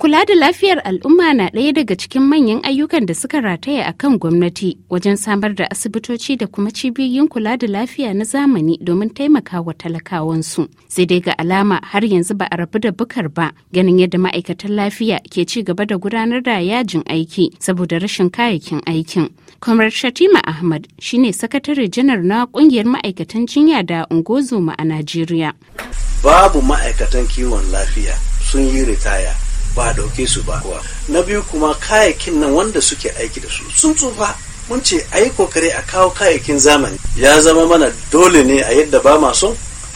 Kula da lafiyar al'umma na ɗaya daga cikin manyan ayyukan da suka rataya a kan gwamnati wajen samar da asibitoci da kuma cibiyoyin kula da lafiya na zamani domin taimaka wa talakawansu. Sai dai ga alama har yanzu ba a rabu da bukar ba ganin yadda ma'aikatan lafiya ke ci gaba da gudanar da yajin aiki saboda rashin kayayyakin aikin. Kamar Shatima Ahmad shine sakatare janar na kungiyar ma'aikatan jinya da ungozuma a Najeriya. Babu ma'aikatan kiwon lafiya sun yi ritaya ba a dauke su ba na biyu kuma kayayyakin nan wanda suke aiki da su sun tsufa mun ce a yi kokari a kawo kayayyakin zamani ya zama mana dole ne a yadda ba ma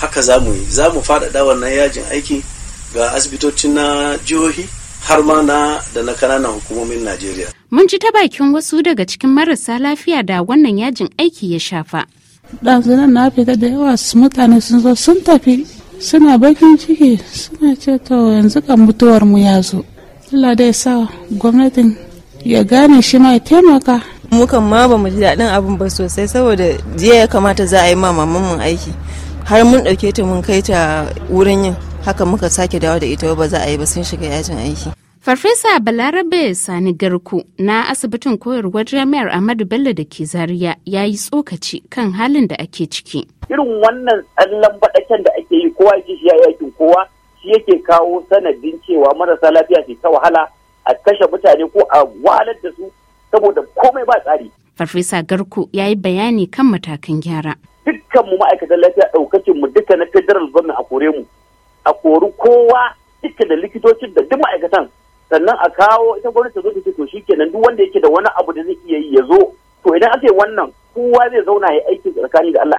haka za mu yi za mu faɗaɗa wannan yajin aiki ga asibitoci na jihohi har ma na da na kananan hukumomin Najeriya. Mun ji ta bakin wasu daga cikin marasa lafiya da wannan yajin aiki ya shafa. Ɗazunan na fita da yawa mutane sun zo sun tafi suna bakin ciki suna ce to yanzu kan mutuwar mu ya zo Allah dai sa gwamnatin ya gane shi ma taimaka mukan ma ba mu ji daɗin abin ba sosai saboda jiya ya kamata za a yi ma mamanmu aiki har mun ɗauke ta mun kai ta wurin yin haka muka sake dawo da ita ba za a yi ba sun shiga yajin aiki Farfesa Balarabe Sani Garku na asibitin koyarwar jami'ar Ahmadu Bello da ke Zaria ya yi tsokaci kan halin da ake ciki. Irin wannan tsallan baɗaken da ake yi kowa yake shi yakin kowa shi yake kawo sanadin cewa marasa lafiya ke ta wahala a kashe mutane ko a wahalar da su saboda komai ba tsari. Farfesa Garku ya yi bayani kan matakan gyara. Dukkan mu ma'aikatan lafiya ɗaukacin mu duka na federal gwamnati a kore mu. A kori kowa duka da likitocin da duk ma'aikatan sannan a kawo ita gwamnati zo ta ce to shikenan duk wanda yake da wani abu da zai iya yi ya zo to idan aka wannan kowa zai zauna ya yi aiki tsakani da Allah